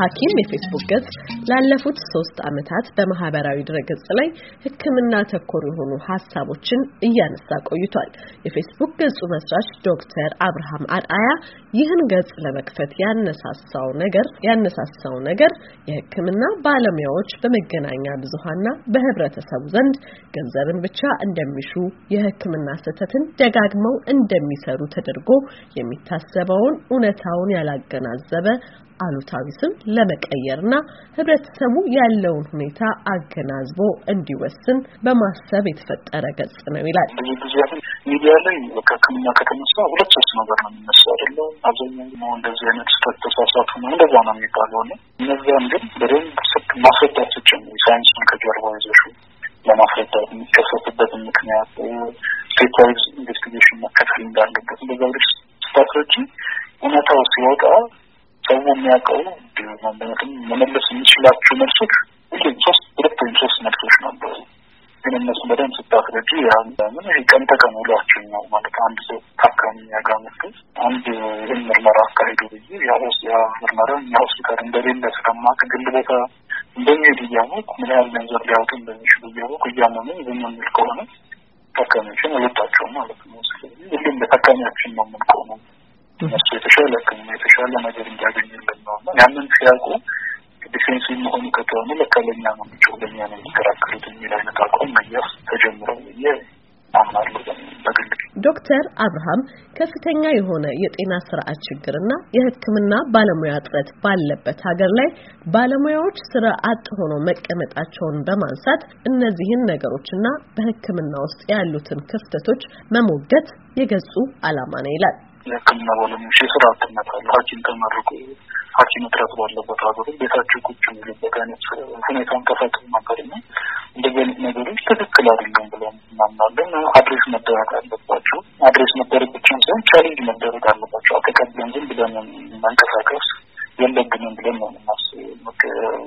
ሐኪም የፌስቡክ ገጽ ላለፉት ሶስት ዓመታት በማህበራዊ ድረገጽ ላይ ሕክምና ተኮር የሆኑ ሀሳቦችን እያነሳ ቆይቷል። የፌስቡክ ገጹ መስራች ዶክተር አብርሃም አርአያ ይህን ገጽ ለመክፈት ያነሳሳው ነገር ያነሳሳው ነገር የሕክምና ባለሙያዎች በመገናኛ ብዙሃንና በህብረተሰቡ ዘንድ ገንዘብን ብቻ እንደሚሹ የሕክምና ስህተትን ደጋግመው እንደሚሰሩ ተደርጎ የሚታሰበውን እውነታውን ያላገናዘበ አሉታዊ ስም ለመቀየርና ህብረተሰቡ ያለውን ሁኔታ አገናዝቦ እንዲወስን በማሰብ የተፈጠረ ገጽ ነው ይላል። ሚዲያ ላይ ከህክምና ከተነሳ ሁለት ሶስት ነገር ነው የሚነሳ አይደለም። አብዛኛው እንደዚህ አይነት ስህተት ተሳሳቱ ነው እንደዛ ነው የሚባለው ነው። እነዚያም ግን በደንብ ስክ ማስረዳት ስጭም ሳይንሱን ከጀርባ ይዘሹ ለማስረዳት የሚከሰትበት ምክንያት ሴኳይዝ ኢንቨስቲጌሽን መከፈል እንዳለበት እንደዛ ብለሽ እውነታው ሲወጣ የሚያውቀው ምክንያቱም መመለስ የሚችላችሁ መልሶች ሶስት ሁለት ወይም ሶስት መልሶች ነበሩ። ግን እነሱ በደንብ ስታስረጁ ምን ይሄ ቀን ተቀን ውሏችን ነው ማለት አንድ ሰው ታካሚ ያጋመጡ አንድ ይህን ምርመራ አካሄዱ ብዬ ያ ምርመራ እኛ ሆስፒታል እንደሌለ ስለማቅ ግል ቦታ እንደሚሄድ እያወቅ ምን ያህል ገንዘብ ሊያወጡ እንደሚችሉ እያወቅ እያመኑ ዝም የሚል ከሆነ ታካሚዎችን አልወጣቸውም ማለት ነው። ስለዚህ ሁሉም ለታካሚያችን ነው የምንቆመው። እነሱ የተሻለ ሕክምና የተሻለ ነገር እንዲያገኙልን ነው እና ያንን ሲያውቁ ዲፌንስ መሆኑ ከተሆነ ለከለኛ ነው ምጭ ለኛ ነው የሚከራከሩት የሚል አይነት አቋም መያዝ ተጀምረው ብዬ አምናለሁ ዶክተር አብርሃም ከፍተኛ የሆነ የጤና ስርዓት ችግርና የሕክምና ባለሙያ እጥረት ባለበት ሀገር ላይ ባለሙያዎች ስራ አጥ ሆኖ መቀመጣቸውን በማንሳት እነዚህን ነገሮችና በሕክምና ውስጥ ያሉትን ክፍተቶች መሞገት የገጹ ዓላማ ነው ይላል። የህክምና ባለሙያዎች የስራ አጥነት አለ። ሐኪም ተመርቆ ሐኪም እጥረት ባለበት ሀገር ቤታቸው ቁጭ የሚሉበት አይነት ሁኔታን ተፈጥሮ ነበር እና እንደዚህ አይነት ነገሮች ትክክል አይደለም ብለን እናምናለን። አድሬስ መደረግ አለባቸው። አድሬስ መደረግ ብቻም ሳይሆን ቻሌንጅ መደረግ አለባቸው። አተቀብለን ዝም ብለን መንቀሳቀስ የለብንም ብለን ነው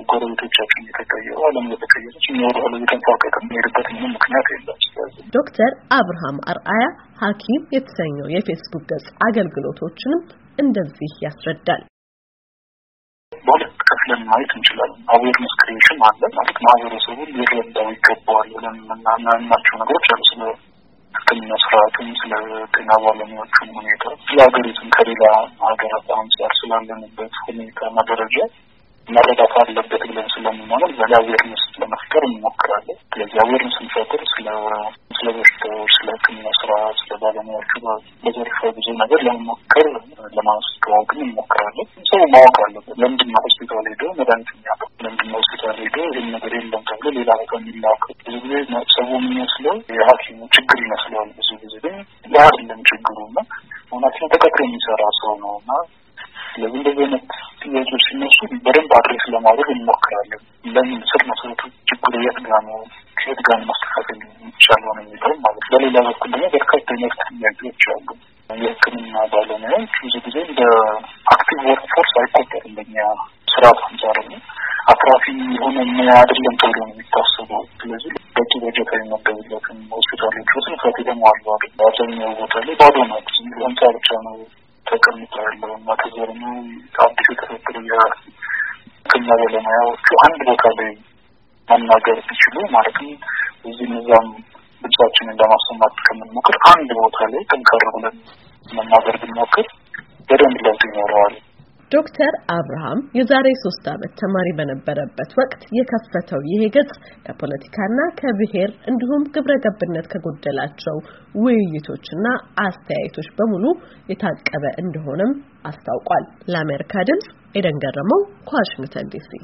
ጎረቤቶቻችን የተቀየሩ ዓለም የተቀየረች የሚወረሉ የተንፏቀቅ የሚሄድበት ምንም ምክንያት የለም። ዶክተር አብርሃም አርአያ ሐኪም የተሰኘው የፌስቡክ ገጽ አገልግሎቶችንም እንደዚህ ያስረዳል። በሁለት ከፍለን ማየት እንችላለን። አዌርነስ ክሬሽን አለ ማለት ማህበረሰቡ ሊረዳው ይገባዋል ብለን የምናምናቸው ነገሮች አሉ ስለ ሕክምና ስርዓቱም ስለ ጤና ባለሙያዎቹም ሁኔታ ስለ ሀገሪቱም ከሌላ ሀገራት አንጻር ስላለንበት ሁኔታ ደረጃ መረዳት አለበት ብለን ስለምናምን እግዚአብሔርን ውስጥ ለመፍቀር እንሞክራለን። እግዚአብሔርን ስንፈጥር ስለ ስለ በሽታዎች፣ ስለ ሕክምና ስርዓት፣ ስለ ባለሙያዎቹ በዘርፈ ብዙ ነገር ለመሞከር ለማስተዋወቅን እንሞክራለን። ሰው ማወቅ አለበት። ለምንድነው ሆስፒታል ሄዶ መድኃኒት የሚያውቀው? ለምንድነው ሆስፒታል ሄዶ ይህን ነገር የለም ተብሎ ሌላ ቦታ የሚላከው? ብዙ ጊዜ ሰው የሚመስለው የሐኪሙ ችግር ይመስለዋል። ብዙ ጊዜ ግን ለአይደለም ችግሩ እና ሆናችን ተቀጥሮ የሚሰራ ሰው ነው እና ስለዚህ እንደዚህ አይነት ጥያቄዎች ሲነሱ በደንብ አድሬስ ለማድረግ እንሞክራለን። ለምን ስር መሰረቱ ችግሩ የት ጋ ነው፣ ከየት ጋ ማስተካከል ይቻለው ነው የሚለው ማለት። በሌላ በኩል ደግሞ በርካታ የመብት ጥያቄዎች አሉ። የሕክምና ባለሙያዎች ብዙ ጊዜ እንደ አክቲቭ ወርክ ፎርስ አይቆጠርም በኛ ስርዓት አንጻር ነው አትራፊ የሆነ ሙያ አይደለም ተብሎ ነው የሚታሰበው። ስለዚህ በቂ በጀት የሚመደብለትን ሆስፒታሎች ውስጥ ከፊ ደግሞ አሉ። አብዛኛው ቦታ ላይ ባዶ ነው። ብዙ ህንፃ ብቻ ነው ተቀምጠዋለሁ። ማተጀርኑ ባለሙያዎቹ አንድ ቦታ ላይ መናገር ቢችሉ ማለትም እዚህም እዛም ድምጻችንን ለማሰማት ከምንሞክር አንድ ቦታ ላይ ጠንከር ብለን መናገር ብንሞክር በደንብ ለውጥ ይኖረዋል። ዶክተር አብርሃም የዛሬ ሶስት ዓመት ተማሪ በነበረበት ወቅት የከፈተው ይሄ ገጽ ከፖለቲካና ከብሔር እንዲሁም ግብረ ገብነት ከጎደላቸው ውይይቶችና አስተያየቶች በሙሉ የታቀበ እንደሆነም አስታውቋል። ለአሜሪካ ድምጽ ኤደን ገረመው ከዋሽንግተን ዲሲ